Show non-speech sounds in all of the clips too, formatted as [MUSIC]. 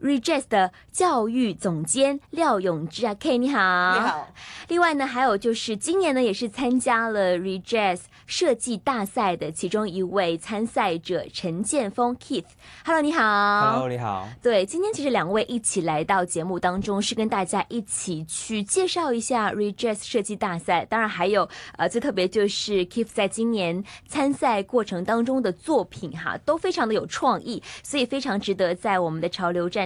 Redress 的教育總監廖永志啊，K 你好，你好。另外呢，還有就是今年呢，也是參加了 Redress 設計大賽的其中一位參賽者陳建峰 Keith，Hello 你好，Hello 你好。對，今天其實兩位一起來到節目當中，是跟大家一起去介紹一下 Redress 設計大賽。當然還有呃最特別就是 Keith 在今年參賽過程當中的作品哈，都非常的有創意，所以非常值得在我們的潮流站。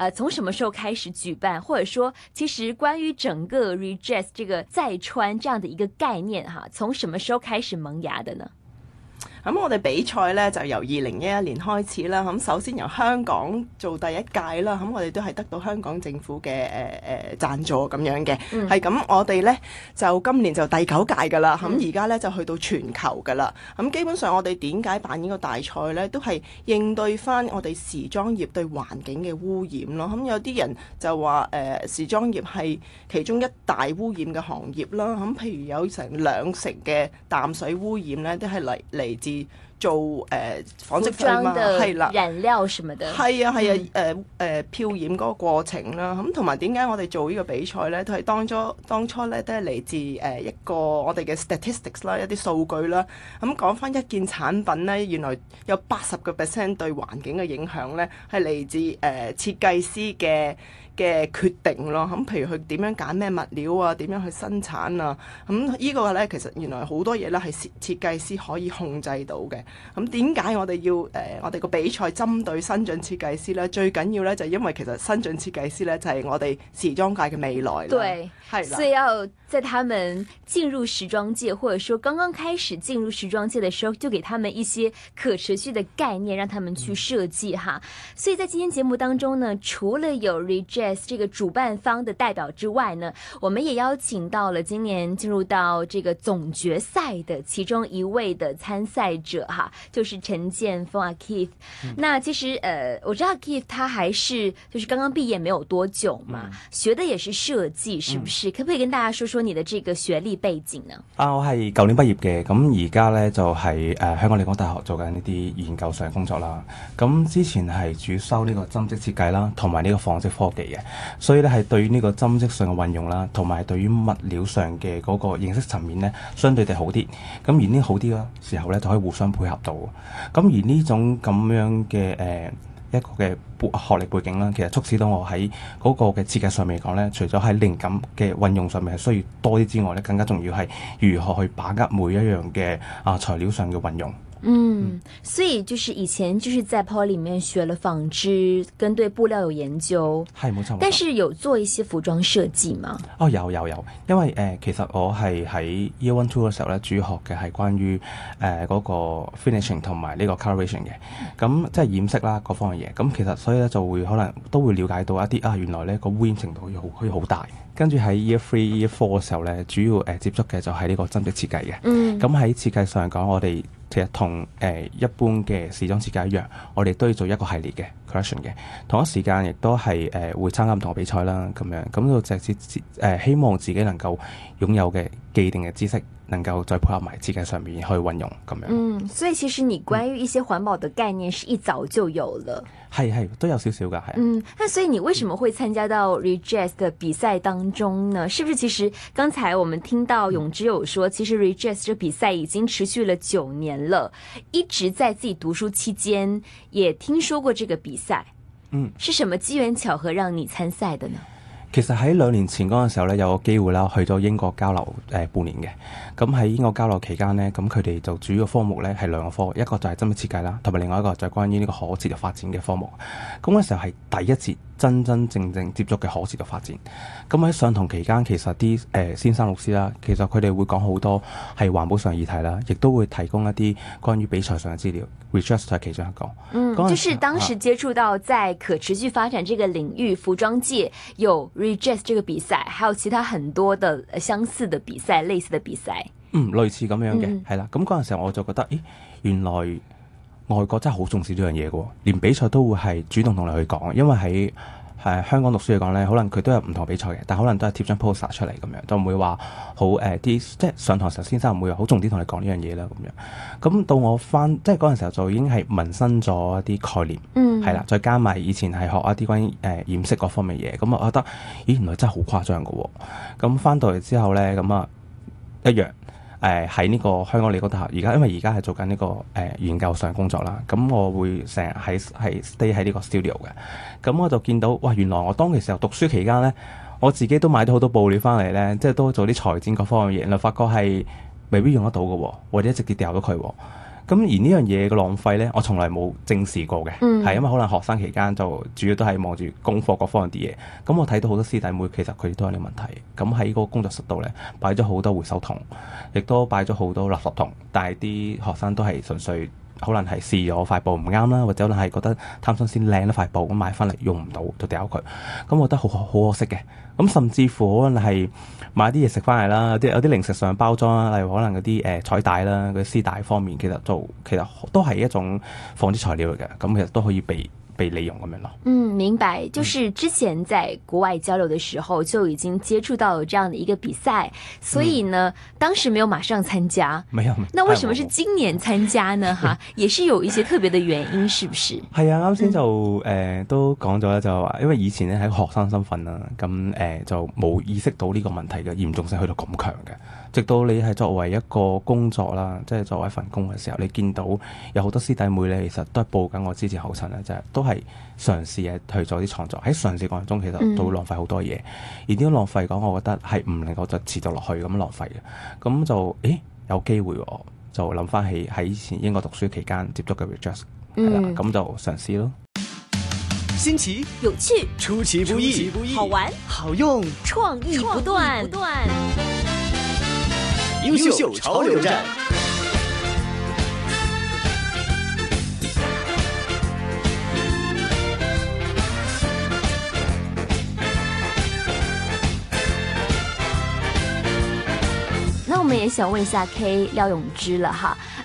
呃，從什麼時候開始舉辦？或者說，其實關於整個 redress 這個再穿這樣的一個概念，哈，從什麼時候開始萌芽的呢？咁我哋比賽咧就由二零一一年開始啦，咁首先由香港做第一屆啦，咁我哋都係得到香港政府嘅誒誒贊助咁樣嘅，係、嗯、咁我哋咧就今年就第九屆噶啦，咁而家咧就去到全球噶啦，咁基本上我哋點解辦呢個大賽咧，都係應對翻我哋時裝業對環境嘅污染咯。咁有啲人就話誒、呃、時裝業係其中一大污染嘅行業啦，咁譬如有成兩成嘅淡水污染咧，都係嚟嚟自。做誒紡織嘛係啦，染料什麼的係啊係啊，誒誒漂染嗰個過程啦。咁同埋點解我哋做呢個比賽咧都係當初當初咧都係嚟自，誒、呃、一個我哋嘅 statistics 啦，一啲數據啦，咁講翻一件產品咧，原來有八十個 percent 對環境嘅影響咧係嚟自誒設計師嘅嘅決定咯，咁譬如佢點樣揀咩物料啊，點樣去生產啊，咁、嗯、呢個呢，其實原來好多嘢呢係設設計師可以控制到嘅。咁點解我哋要誒、呃、我哋個比賽針對新晉設計師呢，最緊要呢就因為其實新晉設計師呢，就係、是、我哋時裝界嘅未來啦。對，係。所以要在他們進入時裝界，或者說剛剛開始進入時裝界嘅時候，就給他們一些可持續的概念，讓他們去設計哈。所以在今天節目當中呢，除了有 reged, 這個主辦方的代表之外呢，我們也邀請到了今年進入到這個總決賽的其中一位的參賽者哈，就是陳建峰啊，Keith、嗯。那其實呃，我知道 Keith 他還是就是剛剛畢業沒有多久嘛，嗯、學的也是設計，是不是、嗯？可不可以跟大家說說你的這個學歷背景呢？啊，我係舊年畢業嘅，咁而家咧就係、是、誒、呃、香港理工大學做緊呢啲研究上工作啦。咁之前係主修呢個針織設計啦，同埋呢個紡織科技。所以咧，係對於呢個針織上嘅運用啦，同埋對於物料上嘅嗰個認識層面咧，相對地好啲。咁而呢好啲咯時候咧，就可以互相配合到。咁而呢種咁樣嘅誒一個嘅學歷背景啦，其實促使到我喺嗰個嘅設計上面講咧，除咗喺靈感嘅運用上面係需要多啲之外咧，更加重要係如何去把握每一樣嘅啊材料上嘅運用。嗯，嗯，所以就是以前就是在 Poly 裏面學了紡織，跟對布料有研究。係冇錯，但是有做一些服裝設計嗎？哦，有有有，因為誒、呃，其實我係喺 year one two 嘅時候咧，主要學嘅係關於誒嗰個 finishing 同埋呢個 coloration 嘅，咁、嗯、即係染色啦，各方嘅嘢。咁、嗯、其實所以咧就會可能都會了解到一啲啊，原來咧個污染程度好可以好大。跟住喺 year three year four 嘅時候咧，主要誒、呃、接觸嘅就係呢個針織設計嘅。嗯，咁喺設計上講，我、嗯、哋。其實同誒、呃、一般嘅時裝設計一樣，我哋都要做一個系列嘅 collection 嘅，同一時間亦都係誒、呃、會參加唔同嘅比賽啦，咁樣咁就直接、呃、希望自己能夠擁有嘅。既定嘅知識能夠再配合埋設計上面去運用咁樣。嗯，所以其實你關於一些環保的概念是一早就有了，係、嗯、係都有少少噶，係。嗯，那所以你為什麼會參加到 Redress 的比賽當中呢？是不是其實剛才我們聽到勇之友說，嗯、其實 Redress 這比賽已經持續了九年了，一直在自己讀書期間也聽說過這個比賽。嗯，是什麼機緣巧合讓你參賽的呢？其實喺兩年前嗰陣時候咧，有個機會啦，去咗英國交流誒、呃、半年嘅。咁、嗯、喺英國交流期間呢，咁佢哋就主要嘅科目呢係兩個科，一個就係針織設計啦，同埋另外一個就係關於呢個可持續發展嘅科目。咁、嗯、嗰、就是、時候係第一次真真正正接觸嘅可持續發展。咁喺上堂期間，其實啲誒先生老師啦，其實佢哋會講好多係環保上議題啦，亦都會提供一啲關於比賽上嘅資料。research 其中一個。嗯，就是當時接觸到在可持續發展這個領域，服裝界有。reject 這個比賽，還有其他很多的相似的比賽，類似的比賽。嗯，類似咁樣嘅，係、嗯、啦。咁嗰陣時候我就覺得，咦，原來外國真係好重視呢樣嘢嘅，連比賽都會係主動同你去講，因為喺。係香港讀書嚟講咧，可能佢都有唔同比賽嘅，但可能都係貼張 poster 出嚟咁樣，都唔會話好誒啲，即係上堂時候先生唔會話好重啲同你講呢樣嘢啦咁樣。咁到我翻即係嗰陣時候就已經係紋身咗一啲概念，係、嗯、啦，再加埋以前係學一啲關於誒染色各方面嘢，咁啊我覺得咦，原來真係好誇張嘅喎、哦。咁翻到嚟之後咧，咁啊一樣。誒喺呢個香港理工大學，而家因為而家係做緊、這、呢個誒、呃、研究上工作啦，咁我會成日喺係 stay 喺呢個 studio 嘅，咁我就見到，哇！原來我當其時候讀書期間咧，我自己都買咗好多布料翻嚟咧，即係都做啲裁剪各方面嘅嘢，原來發覺係未必用得到嘅、哦，或者直接掉咗佢、哦。咁而呢樣嘢嘅浪費呢，我從來冇正視過嘅，係、嗯、因為可能學生期間就主要都係望住功課嗰方啲嘢。咁我睇到好多師弟妹其實佢哋都有啲問題。咁喺嗰個工作室度呢，擺咗好多回收桶，亦都擺咗好多垃圾桶，但係啲學生都係純粹。可能係試咗塊布唔啱啦，或者可能係覺得貪心先靚一塊布，咁買翻嚟，用唔到就掉佢，咁我覺得好好可惜嘅。咁甚至乎可能係買啲嘢食翻嚟啦，有啲有啲零食上嘅包裝啊，例如可能嗰啲誒彩帶啦、嗰啲絲帶方面，其實就其實都係一種防止材料嚟嘅，咁其實都可以被。被利用咁樣咯。嗯，明白。就是之前在國外交流的時候就已經接觸到了這樣的一個比賽，嗯，所以呢，當時沒有馬上參加。沒有。那為什麼是今年參加呢？哈， [LAUGHS] 也是有一些特別的原因，是不是？係啊，啱先就誒、呃、都講咗啦，就話因為以前呢喺學生身份啦、啊，咁誒、呃、就冇意識到呢個問題嘅嚴重性去到咁強嘅。直到你係作為一個工作啦，即係作為一份工嘅時候，你見到有好多師弟妹咧，其實都係步緊我之前後塵啦，就係都係嘗試嘢去做啲創作。喺嘗試過程中，其實都會浪費好多嘢、嗯。而點樣浪費講，我覺得係唔能夠就持續落去咁浪費嘅。咁就，咦，有機會喎，就諗翻起喺以前英國讀書期間接觸嘅 reject，係啦，咁就嘗試咯。新奇有趣，出其不意，好玩，好用，創意不斷。優秀潮流站，那我們也想問一下 K 廖永芝了哈。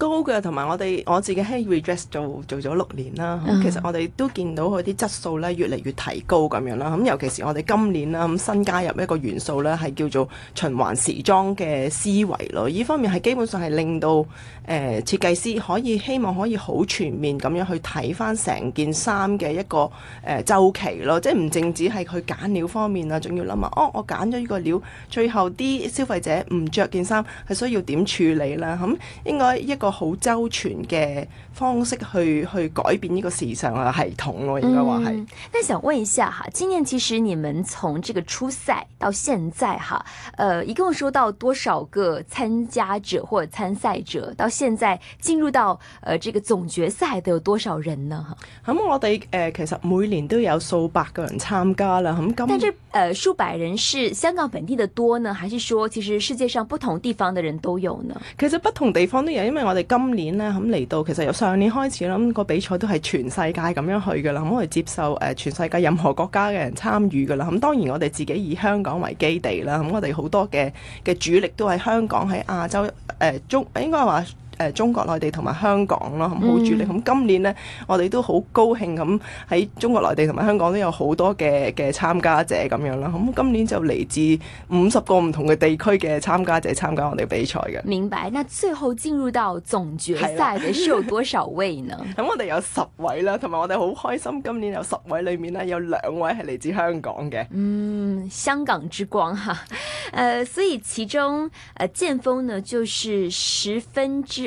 高嘅，同埋我哋我自己喺 Redress 做做咗六年啦。Uh -huh. 其實我哋都見到佢啲質素，咧越嚟越提高咁樣啦。咁尤其是我哋今年啦，咁新加入一個元素咧，係叫做循環時裝嘅思維咯。呢方面係基本上係令到誒設計師可以希望可以好全面咁樣去睇翻成件衫嘅一個誒周期咯，即係唔淨止係去揀料方面啊，仲要諗下，哦，我揀咗呢個料，最後啲消費者唔着件衫係需要點處理啦？咁應該一個。好周全嘅方式去去改變呢個時尚啊系統咯，應該話係。那、嗯、想問一下哈，今年其實你們從這個初賽到現在哈，呃，一共收到多少個參加者或者參賽者？到現在進入到呃這個總決賽，都有多少人呢？吓、嗯、咁我哋誒、呃，其實每年都有數百個人參加啦。咁、嗯，但係，誒、呃，數百人是香港本地的多呢，還是說其實世界上不同地方的人都有呢？其實不同地方都有，因為我哋。今年呢，咁、嗯、嚟到，其實由上年開始啦，個、嗯、比賽都係全世界咁樣去㗎啦，咁、嗯、我哋接受誒、呃、全世界任何國家嘅人參與㗎啦。咁、嗯、當然我哋自己以香港為基地啦，咁、嗯、我哋好多嘅嘅主力都喺香港，喺亞洲誒、呃、中應該話。誒中國內地同埋香港咯，好主力。咁今年呢，我哋都好高興咁喺中國內地同埋香港都有好多嘅嘅參加者咁樣啦。咁今年就嚟自五十個唔同嘅地區嘅參加者參加我哋比賽嘅。明白。那最後進入到總決賽嘅是有多少位呢？咁 [LAUGHS] 我哋有十位啦，同埋我哋好開心，今年有十位裏面呢，有兩位係嚟自香港嘅。嗯，香港之光哈，哈。誒、呃，所以其中誒劍鋒呢，就是十分之。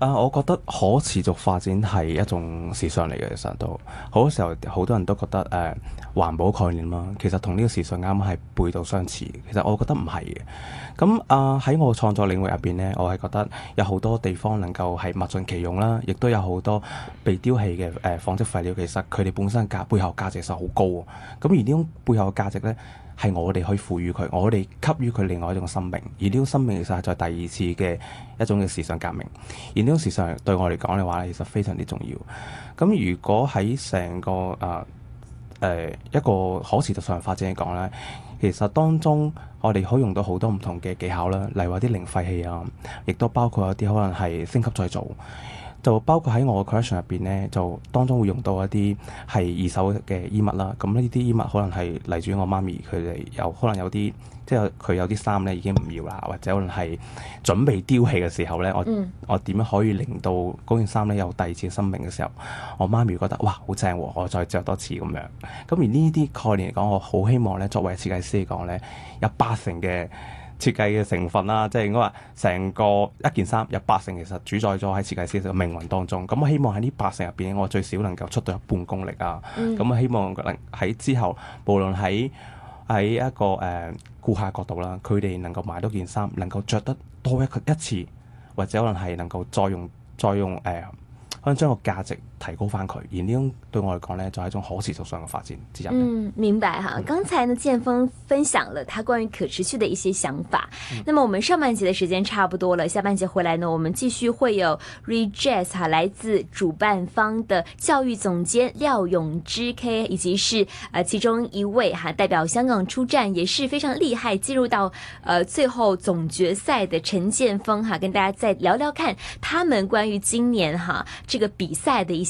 啊，我覺得可持續發展係一種時尚嚟嘅，其實都好多時候好多人都覺得誒、啊、環保概念啦，其實同呢個時尚啱啱係背道相馳，其實我覺得唔係嘅。咁啊喺我創作領域入面咧，我係覺得有好多地方能夠係物盡其用啦，亦都有好多被丟棄嘅誒紡織廢料。其實佢哋本身價、背後價值實好高喎。咁而呢種背後嘅價值咧。係我哋可以賦予佢，我哋給予佢另外一種生命，而呢種生命其實係在第二次嘅一種嘅時尚革命，而呢種時尚對我嚟講嘅話咧，其實非常之重要。咁如果喺成個誒、呃呃、一個可持續上發展嚟講咧，其實當中我哋可以用到好多唔同嘅技巧啦，例如話啲零廢氣啊，亦都包括一啲可能係升級再造。就包括喺我嘅 collection 入面咧，就當中會用到一啲係二手嘅衣物啦。咁呢啲衣物可能係嚟自於我媽咪，佢哋有可能有啲即係佢有啲衫咧已經唔要啦，或者可能係準備丟棄嘅時候咧，我、嗯、我點樣可以令到嗰件衫咧有第二次生命嘅時候，我媽咪覺得哇好正喎，我再着多次咁樣。咁而呢啲概念嚟講，我好希望咧，作為設計師嚟講咧，有八成嘅。設計嘅成分啦，即係應該話成個一件衫有八成其實主宰咗喺設計師嘅命運當中。咁我希望喺呢八成入邊，我最少能夠出到一半功力啊。咁、嗯、啊，我希望能喺之後，無論喺喺一個誒顧客角度啦，佢哋能夠買多件衫，能夠着得多一一次，或者可能係能夠再用再用誒、呃，可能將個價值，提高翻佢，而呢種對我嚟講呢，就係、是、一種可持續上嘅發展之一。嗯，明白哈。剛才呢，建峰分享了他關於可持續的一些想法。嗯、那麼我們上半節的時間差不多了，下半節回來呢，我們繼續會有 Rejazz 哈，來自主辦方的教育總監廖永之 K，以及是啊、呃、其中一位哈代表香港出戰，也是非常厲害，進入到呃最後總決賽的陳建峰哈，跟大家再聊聊看，他們關於今年哈這個比賽的一些。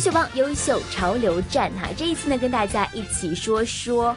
優秀幫優秀潮流站哈、啊，這一次呢，跟大家一起說說。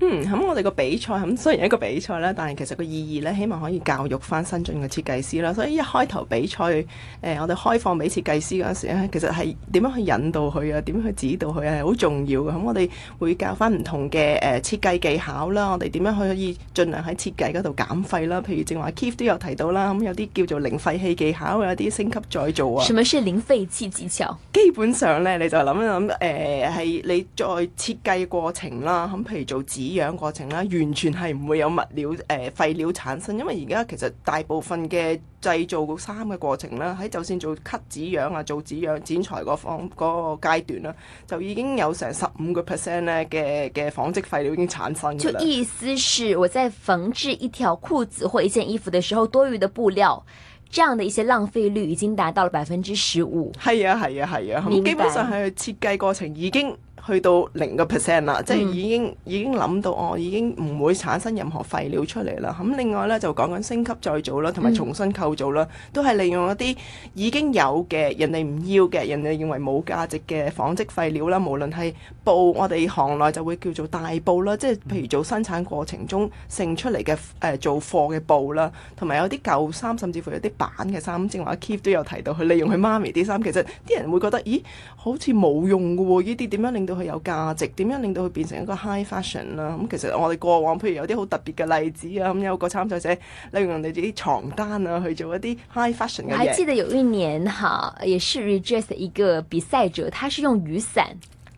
嗯，咁、嗯、我哋個比賽咁、嗯、雖然係一個比賽啦，但係其實個意義咧，希望可以教育翻新進嘅設計師啦。所以一開頭比賽，誒、呃，我哋開放俾設計師嗰時咧，其實係點樣去引導佢啊？點樣去指導佢係好重要嘅。咁、嗯、我哋會教翻唔同嘅誒設計技巧啦。我哋點樣可以盡量喺設計嗰度減廢啦？譬如正話 Keith 都有提到啦，咁、嗯、有啲叫做零廢棄技巧有啲升級再造啊。什麼是零廢棄技巧？基本上咧，你就諗一諗，誒，係、呃、你再設計過程啦，咁、嗯、譬如做紙樣過程啦，完全係唔會有物料誒廢、呃、料產生，因為而家其實大部分嘅製造衫嘅過程啦，喺就算做 cut 紙樣啊，做紙樣剪裁個嗰個階段啦，就已經有成十五個 percent 咧，嘅嘅紡織廢料已經產生。意思是我在縫製一條褲子或一件衣服的時候，多餘的布料這樣的一些浪費率已經達到了百分之十五。係啊，係啊，係啊，基本上係設計過程已經。去到零個 percent 啦，即係已經、嗯、已經諗到，我已經唔會產生任何廢料出嚟啦。咁另外咧就講緊升級再造啦，同埋重新構造啦，嗯，都係利用一啲已經有嘅人哋唔要嘅人哋認為冇價值嘅紡織廢料啦，無論係布，我哋行內就會叫做大布啦，即係譬如做生產過程中剩出嚟嘅誒做貨嘅布啦，同埋有啲舊衫，甚至乎有啲板嘅衫。咁正話阿 Keep 都有提到，佢利用佢媽咪啲衫，其實啲人會覺得，咦，好似冇用嘅喎，呢啲點樣令到佢有價值，點樣令到佢變成一個 high fashion 啦？咁其實我哋過往，譬如有啲好特別嘅例子啊，咁有個參賽者利用人哋啲床單啊去做一啲 high fashion 嘅嘢。還記得有一年哈，也是 reject 一個比賽者，他是用雨傘，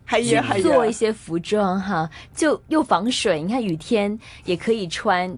係啊係啊，做一些服裝哈，就又防水，你看雨天也可以穿。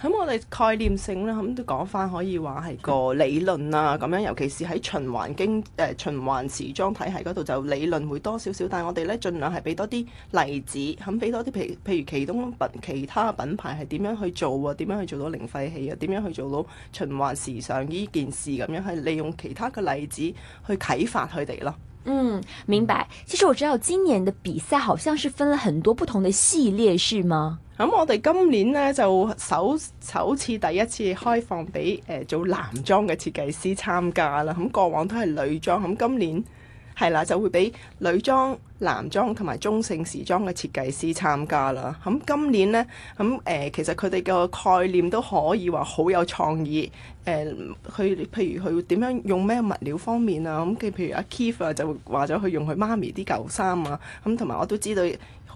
咁、嗯、我哋概念性咧，咁都講翻可以話係個理論啊咁樣，尤其是喺循環經誒、呃、循環時裝體系嗰度，就理論會多少少，但係我哋咧盡量係俾多啲例子，咁俾多啲譬譬如其中品其他品牌係點樣去做啊？點樣去做到零廢棄啊？點樣去做到循環時尚呢件事咁、啊、樣，係利用其他嘅例子去啟發佢哋咯。嗯，明白。其實我知道今年嘅比賽好像是分了很多不同的系列，是嗎？咁、嗯、我哋今年咧就首首次第一次開放俾誒、呃、做男裝嘅設計師參加啦。咁、嗯、過往都係女裝，咁、嗯、今年係啦就會俾女裝、男裝同埋中性時裝嘅設計師參加啦。咁、嗯、今年呢，咁、嗯、誒、呃、其實佢哋嘅概念都可以話好有創意。誒、呃、佢譬如佢點樣用咩物料方面啊？咁、嗯、譬如阿 Kiefer 就話咗佢用佢媽咪啲舊衫啊。咁同埋我都知道。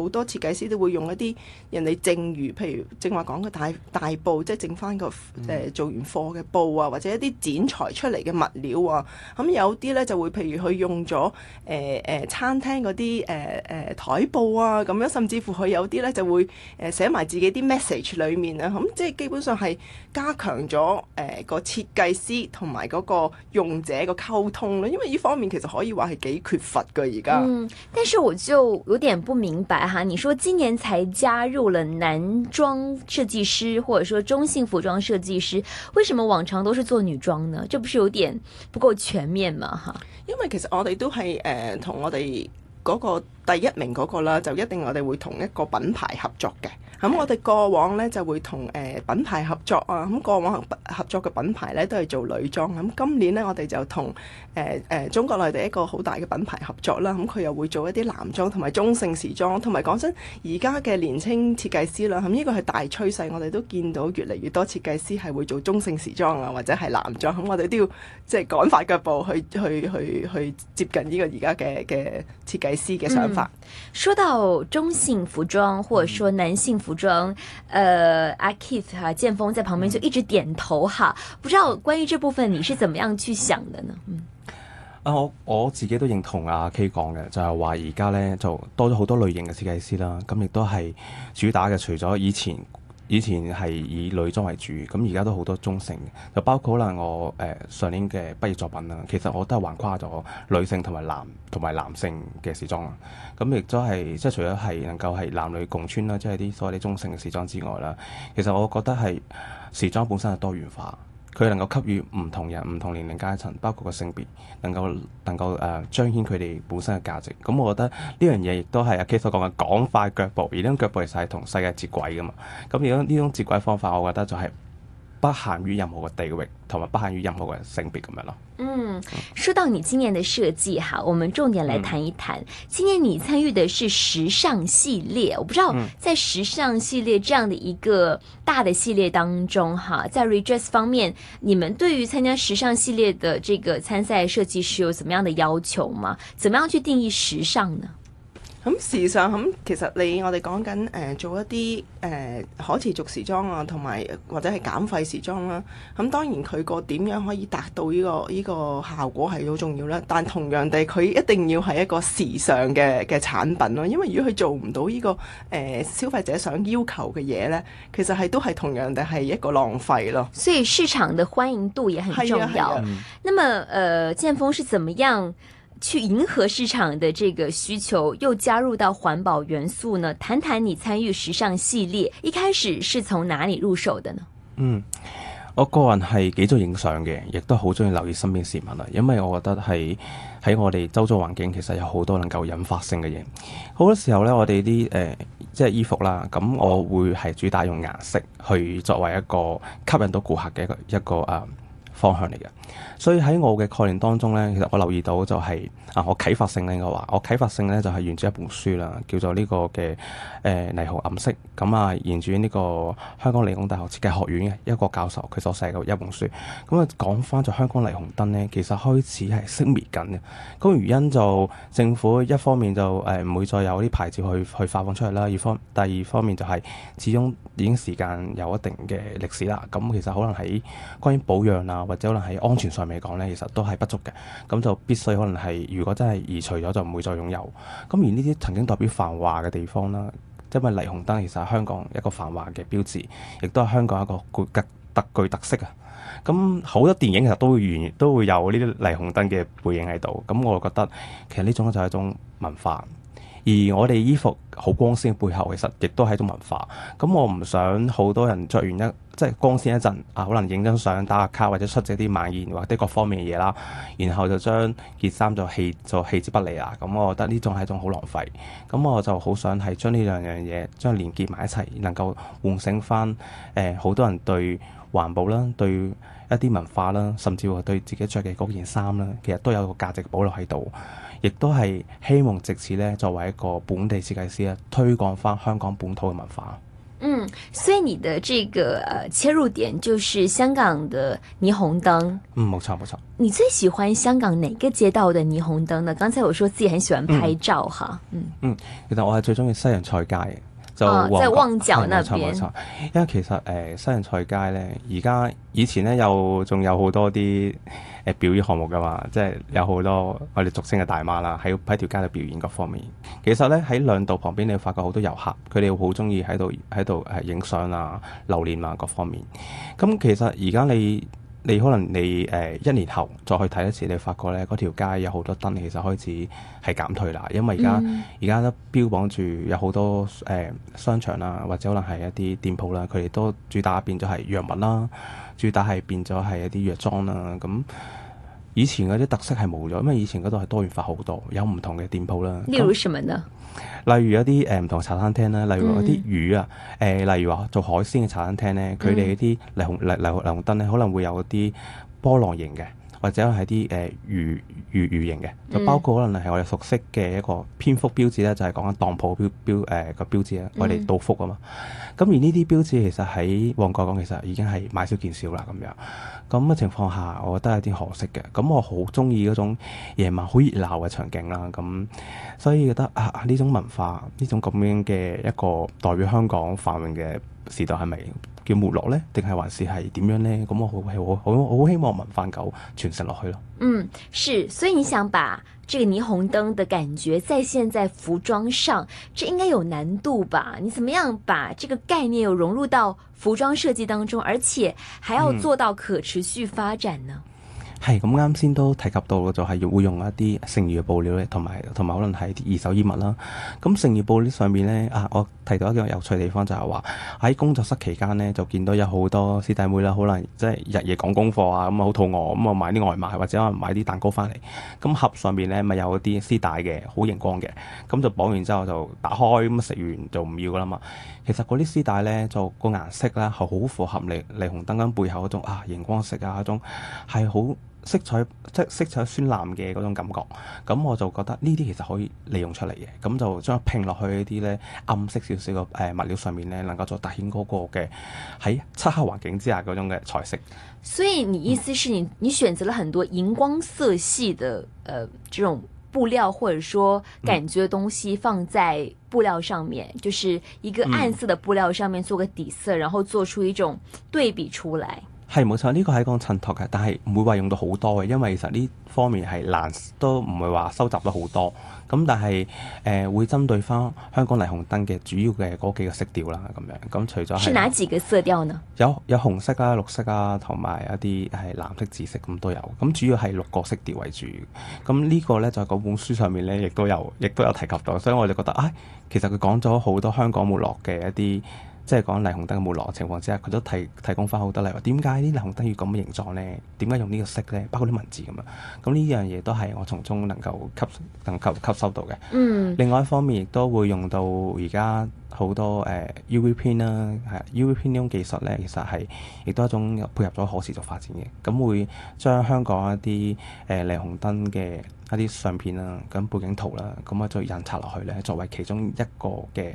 好多設計師都會用一啲人哋剩餘，譬如正話講嘅大大布，即係剩翻個誒、呃、做完貨嘅布啊，或者一啲剪裁出嚟嘅物料啊。咁、嗯、有啲咧就會譬如佢用咗誒誒餐廳嗰啲誒誒台布啊，咁樣甚至乎佢有啲咧就會誒寫埋自己啲 message 裡面啊。咁、嗯、即係基本上係加強咗誒個設計師同埋嗰個用者個溝通咯。因為呢方面其實可以話係幾缺乏㗎而家。嗯，但是我就有點不明白。哈，你說今年才加入了男裝設計師，或者說中性服裝設計師，為什麼往常都是做女裝呢？這不是有點不夠全面嗎？哈，因為其實我哋都係誒、呃，同我哋嗰個。第一名嗰個啦，就一定我哋會同一個品牌合作嘅。咁我哋過往呢就會同誒品牌合作啊。咁過往合作嘅品牌呢都係做女裝。咁今年呢我哋就同誒誒中國內地一個好大嘅品牌合作啦。咁佢又會做一啲男裝同埋中性時裝。同埋講真，而家嘅年輕設計師啦，咁呢個係大趨勢。我哋都見到越嚟越多設計師係會做中性時裝啊，或者係男裝。咁我哋都要即係趕快腳步去去去去接近呢個而家嘅嘅設計師嘅上。嗯、說到中性服裝，或者說男性服裝，誒、嗯，阿、呃、Keith 哈，建峰在旁邊就一直點頭哈、嗯，不知道關於這部分你是怎麼樣去想的呢？嗯，啊，我我自己都認同阿 K 講嘅，就係話而家呢，就多咗好多類型嘅設計師啦，咁亦都係主打嘅，除咗以前。以前係以女裝為主，咁而家都好多中性嘅，就包括可能我誒、呃、上年嘅畢業作品啦。其實我都係橫跨咗女性同埋男同埋男性嘅時裝啊。咁亦都係即係除咗係能夠係男女共穿啦，即係啲所謂啲中性嘅時裝之外啦。其實我覺得係時裝本身係多元化。佢能夠給予唔同人、唔同年齡階層，包括個性別，能夠能夠誒彰顯佢哋本身嘅價值。咁、嗯、我覺得呢樣嘢亦都係阿 K 所講嘅趕快腳步。而呢種腳步其實係同世界接軌噶嘛。咁如果呢種接軌方法，我覺得就係、是。不限於任何嘅地域，同埋不限於任何嘅性別咁樣咯。嗯，說到你今年的設計哈，我們重點來談一談、嗯。今年你參與的是時尚系列，我不知道在時尚系列這樣的一個大的系列當中哈，在 Redress 方面，你們對於參加時尚系列的這個參賽設計師有怎麼樣的要求嗎？怎麼樣去定義時尚呢？咁、嗯、時尚咁、嗯，其實你我哋講緊誒、呃、做一啲誒、呃、可持續時裝啊，同埋或者係減費時裝啦、啊。咁、嗯、當然佢個點樣可以達到呢、這個呢、這個效果係好重要啦。但同樣地，佢一定要係一個時尚嘅嘅產品咯。因為如果佢做唔到呢、這個誒、呃、消費者想要求嘅嘢咧，其實係都係同樣地係一個浪費咯。所以市場的歡迎度也很重要。咁、啊啊、呃，誒建峰是怎麼樣？去迎合市場的這個需求，又加入到環保元素呢？談談你參與時尚系列，一開始是從哪裏入手的呢？嗯，我個人係幾中意影相嘅，亦都好中意留意身邊市民。啊，因為我覺得係喺我哋周遭環境，其實有好多能夠引發性嘅嘢。好多時候呢，我哋啲誒即係衣服啦，咁我會係主打用顏色去作為一個吸引到顧客嘅一個一個啊、呃、方向嚟嘅。所以喺我嘅概念當中呢，其實我留意到就係、是、啊，我啟發性呢個話，我啟發性呢就係源自一本書啦，叫做呢個嘅誒霓虹暗色。咁啊，源自呢個香港理工大學設計學院嘅一個教授佢所寫嘅一本書。咁啊，講返就香港霓虹燈呢，其實開始係熄滅緊嘅。咁、那個、原因就政府一方面就誒唔、呃、會再有啲牌照去去發放出去啦，而方第二方面就係始終已經時間有一定嘅歷史啦。咁其實可能喺關於保養啊，或者可能喺安。傳上嚟講咧，其實都係不足嘅，咁就必須可能係，如果真係移除咗，就唔會再擁有。咁而呢啲曾經代表繁華嘅地方啦，即係咩霓虹燈，其實係香港一個繁華嘅標誌，亦都係香港一個獨特具特、特色嘅。咁好多電影其實都會都會有呢啲霓虹燈嘅背影喺度。咁我覺得其實呢種就係一種文化。而我哋衣服好光鮮背後，其實亦都係一種文化。咁我唔想好多人著完一即係、就是、光鮮一陣，啊可能影張相、打下卡或者出席啲晚宴或者各方面嘅嘢啦，然後就將件衫就棄就棄之不理啦。咁我覺得呢種係一種好浪費。咁我就好想係將呢兩樣嘢將連結埋一齊，能夠喚醒翻誒好多人對環保啦，對。一啲文化啦，甚至乎對自己着嘅嗰件衫啦，其實都有個價值保留喺度，亦都係希望藉此呢，作為一個本地設計師呀，推廣翻香港本土嘅文化。嗯，所以你的這個切入點就是香港的霓虹燈。嗯，冇錯冇錯。你最喜歡香港哪個街道的霓虹燈呢？剛才我說自己很喜歡拍照哈。嗯嗯，嗯，其實我係最中意西洋菜街嘅。就、哦就是、旺角呢，冇錯。因為其實誒西洋菜街咧，而家以前咧又仲有好多啲誒表演項目嘅嘛，即係有好多我哋俗稱嘅大媽啦，喺喺條街度表演各方面。其實咧喺兩道旁邊，你會發覺好多遊客，佢哋好鍾意喺度喺度誒影相啊、留念啊各方面。咁其實而家你。你可能你誒、呃、一年後再去睇一次，你發覺咧嗰條街有好多燈其實開始係減退啦，因為而家而家都標榜住有好多誒、呃、商場啦，或者可能係一啲店鋪啦，佢哋都主打變咗係藥物啦，主打係變咗係一啲藥妝啦，咁。以前嗰啲特色係冇咗，因為以前嗰度係多元化好多，有唔同嘅店鋪啦。例如什麼呢？例如有啲誒唔同茶餐廳啦，例如一啲魚啊，誒、嗯呃、例如話做海鮮嘅茶餐廳咧，佢哋嗰啲霓虹、霓霓霓虹燈咧，可能會有啲波浪形嘅。或者係啲誒魚魚形嘅，就包括可能係我哋熟悉嘅一個蝙蝠標誌咧、嗯，就係、是、講緊當鋪標標誒個標誌我哋倒福啊嘛。咁、嗯、而呢啲標誌其實喺旺角講，其實已經係買少見少啦咁樣。咁嘅情況下，我覺得有啲可惜嘅。咁我好中意嗰種夜晚好熱鬧嘅場景啦。咁所以覺得啊，呢種文化，呢種咁樣嘅一個代表香港繁榮嘅時代係咪要沒落呢，定係還是係點樣呢？咁我好好好希望文化狗傳承落去咯。嗯，是，所以你想把這個霓虹燈的感覺再現在服裝上，這應該有難度吧？你點樣把這個概念又融入到服裝設計當中，而且還要做到可持續發展呢？嗯係咁啱先都提及到嘅就係、是、會用一啲剩餘嘅布料咧，同埋同埋可能係啲二手衣物啦。咁剩餘布料上面咧啊，我提到一個有趣地方就係話喺工作室期間咧，就見到有好多師弟妹啦，可能即係日夜講功課啊，咁啊好肚餓，咁、嗯、啊買啲外賣或者可能買啲蛋糕翻嚟。咁盒上面咧咪有一啲絲帶嘅，好熒光嘅。咁就綁完之後就打開咁食完就唔要㗎啦嘛。其實嗰啲絲帶咧就個顏色咧係好符合霓霓虹燈跟背後嗰種啊熒光色啊嗰種係好，色彩即色彩鮮豔嘅嗰種感覺，咁我就覺得呢啲其實可以利用出嚟嘅，咁就將拼落去一啲咧暗色少少嘅誒物料上面咧，能夠再凸顯嗰個嘅喺漆黑環境之下嗰種嘅彩色。所以你意思是你、嗯、你選擇了很多螢光色系的誒、呃、這種布料，或者說感覺嘅東西放在布料上面、嗯，就是一個暗色的布料上面做個底色，嗯、然後做出一種對比出來。係冇錯，呢個係講襯托嘅，但係唔會話用到好多嘅，因為其實呢方面係難，都唔會話收集得好多。咁但係誒、呃、會針對翻香港霓虹燈嘅主要嘅嗰幾個色調啦，咁樣。咁除咗係，是哪幾個色調呢？有有紅色啊、綠色啊，同埋一啲係藍色、紫色咁都有。咁主要係六個色調為主。咁呢個咧就係嗰本書上面咧亦都有，亦都有提及到。所以我哋覺得，唉、哎，其實佢講咗好多香港沒落嘅一啲。即係講霓虹燈嘅冇落嘅情況之下，佢都提提供翻好多例話，點解啲霓虹燈要咁嘅形狀咧？點解用呢個色咧？包括啲文字咁樣。咁呢樣嘢都係我從中能夠吸能夠吸收到嘅。嗯、mm.。另外一方面亦都會用到而家好多誒 UV 片啦，係 UV 片呢種技術咧，其實係亦都係一種配合咗可持續發展嘅。咁會將香港一啲誒霓虹燈嘅一啲相片啦，咁背景圖啦，咁啊再印刷落去咧，作為其中一個嘅。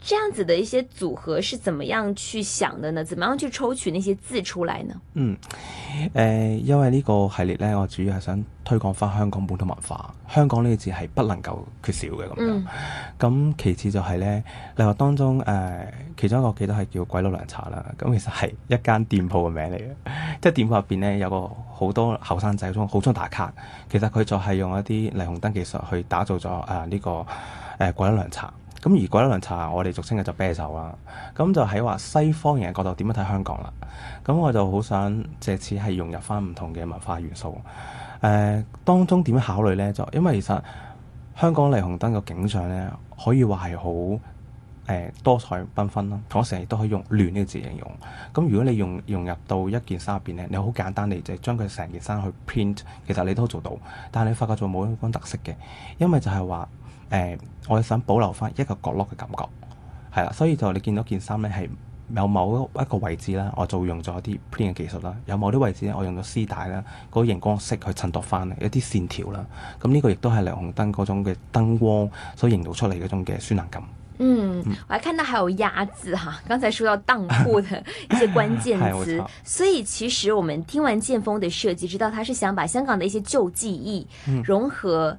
這樣子的一些組合是怎麼樣去想的呢？怎麼樣去抽取那些字出來呢？嗯，誒、呃，因為呢個系列呢，我主要係想推廣翻香港本土文化，香港呢個字係不能夠缺少嘅咁樣。咁、嗯、其次就係呢，例如當中誒、呃，其中一個記得係叫鬼佬涼茶啦。咁其實係一間店鋪嘅名嚟嘅，即、就、係、是、店鋪入邊呢，有個好多後生仔中好中意打卡。其實佢就係用一啲霓虹燈技術去打造咗呢、呃這個誒、呃、鬼佬涼茶。咁如果一輪茶，我哋俗稱嘅就啤酒啦。咁就喺話西方人嘅角度點樣睇香港啦？咁我就好想借此係融入翻唔同嘅文化元素。誒、呃，當中點樣考慮呢？就因為其實香港霓虹燈嘅景象呢，可以話係好多彩繽紛啦。我成日都可以用亂呢個字形容。咁如果你用融入到一件衫入邊呢，你好簡單地就將佢成件衫去 print，其實你都做到。但係你發覺做冇香港特色嘅，因為就係話。誒、呃，我想保留翻一個角落嘅感覺，係啦，所以就你見到件衫咧，係有某一個位置啦，我就用咗啲 print 嘅技術啦，有某啲位置呢我用咗絲帶啦，嗰、那個熒光色去襯托翻一啲線條啦，咁呢個亦都係霓虹燈嗰種嘅燈光所營造出嚟嗰種嘅酸冷感。嗯，嗯，我係看到還有鴨字」。哈，剛才說到當鋪的一些關鍵詞， [LAUGHS] [LAUGHS] 所以其實我們聽完劍鋒嘅設計，知道他是想把香港的一些舊記憶融合、嗯。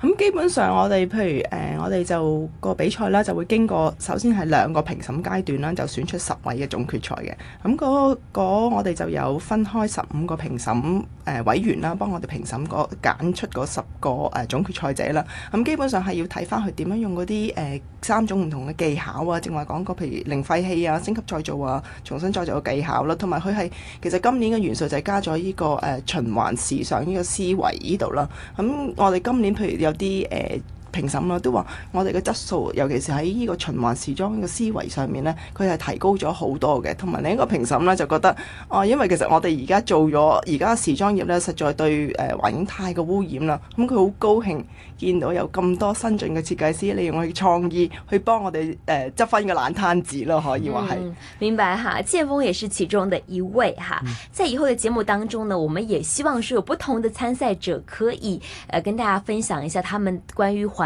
咁基本上我哋譬如誒、呃，我哋就個比賽啦，就會經過首先係兩個評審階段啦，就選出十位嘅總決賽嘅。咁、那、嗰個我哋就有分開十五個評審誒、呃、委員啦，幫我哋評審個揀出嗰十個誒總決賽者啦。咁基本上係要睇翻佢點樣用嗰啲誒三種唔同嘅技巧啊，正話講過譬如零廢棄啊、升級再造啊、重新再造嘅技巧啦，同埋佢係其實今年嘅元素就係加咗呢、這個誒、呃、循環時尚呢個思維呢度啦。咁我哋今年譬如。有啲誒。欸評審啦都話我哋嘅質素，尤其是喺呢個循環時裝嘅思維上面呢，佢係提高咗好多嘅。同埋另一個評審呢就覺得，哦，因為其實我哋而家做咗而家時裝業呢，實在對誒、呃、環境太過污染啦。咁佢好高興見到有咁多新進嘅設計師利用佢嘅創意去幫我哋誒執返個爛攤子咯，可以話係、嗯、明白嚇，建峰也是其中的一位嚇、嗯。在以後嘅節目當中呢，我們也希望是有不同的參賽者可以誒、呃、跟大家分享一下，他們關於環。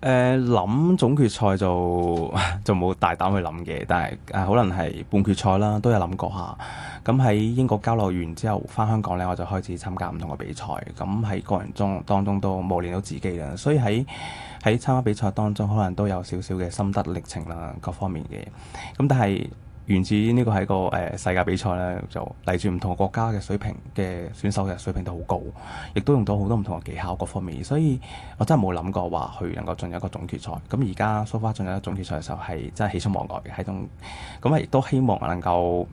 誒、呃、諗總決賽就就冇大膽去諗嘅，但係、啊、可能係半決賽啦，都有諗過下。咁喺英國交流完之後，翻香港呢，我就開始參加唔同嘅比賽。咁喺個人中當中都磨練到自己啦。所以喺喺參加比賽當中，可能都有少少嘅心得歷程啦，各方面嘅。咁但係。源自呢個係個誒、呃、世界比賽咧，就嚟自唔同國家嘅水平嘅選手嘅水平都好高，亦都用到好多唔同嘅技巧各方面，所以我真係冇諗過話去能夠進入一個總決賽。咁而家蘇花進入一個總決賽嘅時候係真係喜出望外嘅，喺度咁亦都希望能夠。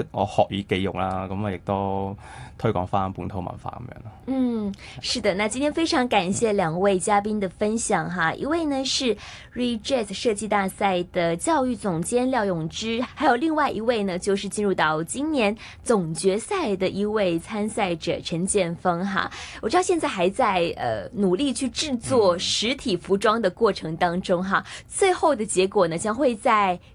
即我學以致用啦，咁啊亦都推廣翻本土文化咁樣嗯，是的，那今天非常感謝兩位嘉賓的分享哈、嗯，一位呢是 Redress 設計大賽的教育總監廖永芝，還有另外一位呢就是進入到今年總決賽的一位參賽者陳建峰哈、啊，我知道現在還在呃努力去製作實體服裝的過程當中哈、嗯，最後的結果呢將會在。